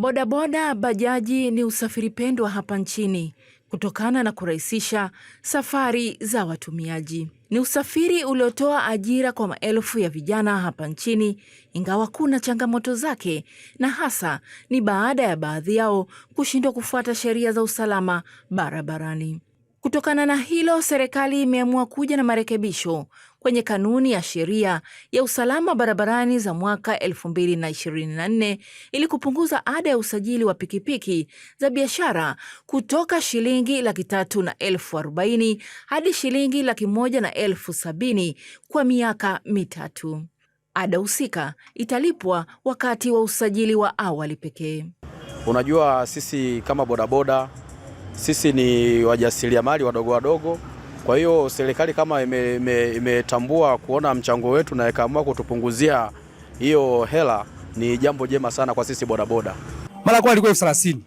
Bodaboda, bajaji ni usafiri pendwa hapa nchini kutokana na kurahisisha safari za watumiaji. Ni usafiri uliotoa ajira kwa maelfu ya vijana hapa nchini, ingawa kuna changamoto zake, na hasa ni baada ya baadhi yao kushindwa kufuata sheria za usalama barabarani. Kutokana na hilo, serikali imeamua kuja na marekebisho kwenye kanuni ya sheria ya usalama barabarani za mwaka 2024 ili kupunguza ada ya usajili wa pikipiki za biashara kutoka shilingi laki tatu na elfu arobaini hadi shilingi laki moja na elfu sabini kwa miaka mitatu. Ada husika italipwa wakati wa usajili wa awali pekee. Unajua, sisi kama bodaboda, sisi ni wajasiriamali wadogo wadogo kwa hiyo serikali kama imetambua ime, ime kuona mchango wetu na ikaamua kutupunguzia hiyo hela, ni jambo jema sana kwa sisi bodaboda. Mara kwa ilikuwa elfu thelathini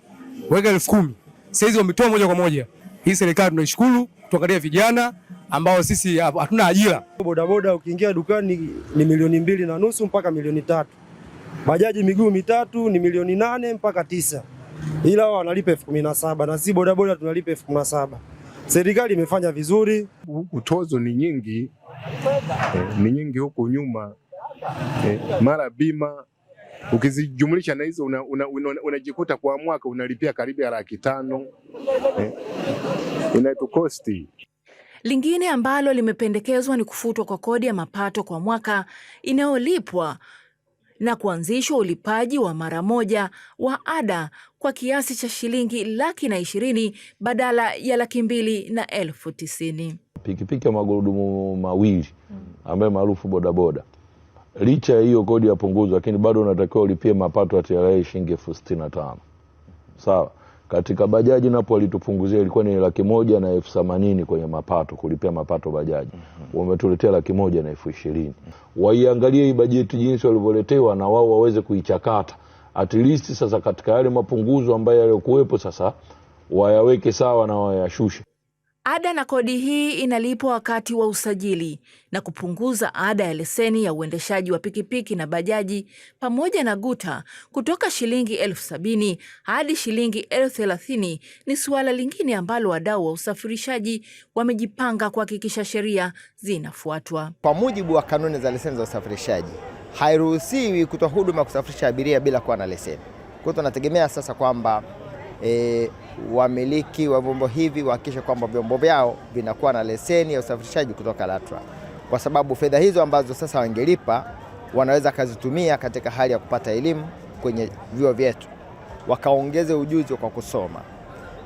weka elfu kumi saizi wametoa moja kwa moja. Hii serikali tunaishukuru, tuangalia vijana ambao sisi hatuna ajira. Bodaboda ukiingia dukani ni, milioni mbili na nusu mpaka milioni tatu. Bajaji miguu mitatu ni milioni nane mpaka tisa, ila wao wanalipa elfu kumi na saba na si bodaboda tunalipa elfu kumi na saba. Serikali imefanya vizuri, utozo ni nyingi eh, ni nyingi huku nyuma eh, mara bima ukizijumlisha na hizo unajikuta una, una, una kwa mwaka unalipia karibu ya laki tano eh, inatukosti. Lingine ambalo limependekezwa ni kufutwa kwa kodi ya mapato kwa mwaka inayolipwa na kuanzishwa ulipaji wa mara moja wa ada kwa kiasi cha shilingi laki na ishirini badala ya laki mbili na elfu tisini. Pikipiki ya magurudumu mawili ambayo maarufu bodaboda, licha ya hiyo kodi ya punguzo, lakini bado unatakiwa ulipie mapato ya TRA shilingi elfu sitini na tano sawa katika bajaji napo walitupunguzia ilikuwa ni laki moja na elfu themanini kwenye mapato, kulipia mapato bajaji. mm -hmm. Wametuletea laki moja na elfu ishirini. Waiangalie hii bajeti jinsi walivyoletewa, na wao waweze kuichakata at least. Sasa katika yale mapunguzo ambayo yaliyokuwepo, sasa wayaweke sawa na wayashushe. Ada na kodi hii inalipwa wakati wa usajili na kupunguza ada ya leseni ya uendeshaji wa pikipiki na bajaji pamoja na guta kutoka shilingi elfu sabini hadi shilingi elfu thelathini ni suala lingine ambalo wadau wa usafirishaji wamejipanga kuhakikisha sheria zinafuatwa. Kwa mujibu wa kanuni za leseni za usafirishaji, hairuhusiwi kutoa huduma ya kusafirisha abiria bila kuwa na leseni. Kwa hiyo tunategemea sasa kwamba e, wamiliki wa vyombo hivi wahakikishe kwamba vyombo vyao vinakuwa na leseni ya usafirishaji kutoka LATRA, kwa sababu fedha hizo ambazo sasa wangelipa wanaweza kazitumia katika hali ya kupata elimu kwenye vyuo vyetu, wakaongeze ujuzi kwa kusoma,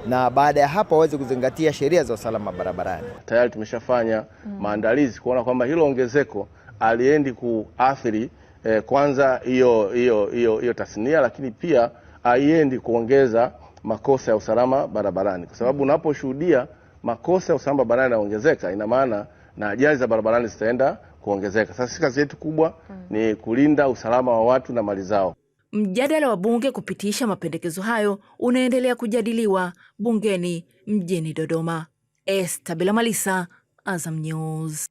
na baada ya hapo waweze kuzingatia sheria za usalama barabarani. Tayari tumeshafanya mm, maandalizi kuona kwamba hilo ongezeko aliendi kuathiri eh, kwanza hiyo hiyo hiyo tasnia, lakini pia aiendi kuongeza makosa ya usalama barabarani, kwa sababu unaposhuhudia makosa ya usalama barabarani yanaongezeka, ina maana na ajali za barabarani zitaenda kuongezeka. Sasa kazi yetu kubwa hmm. ni kulinda usalama wa watu na mali zao. Mjadala wa bunge kupitisha mapendekezo hayo unaendelea kujadiliwa bungeni mjini Dodoma. Esta Bila Malisa, Azam News.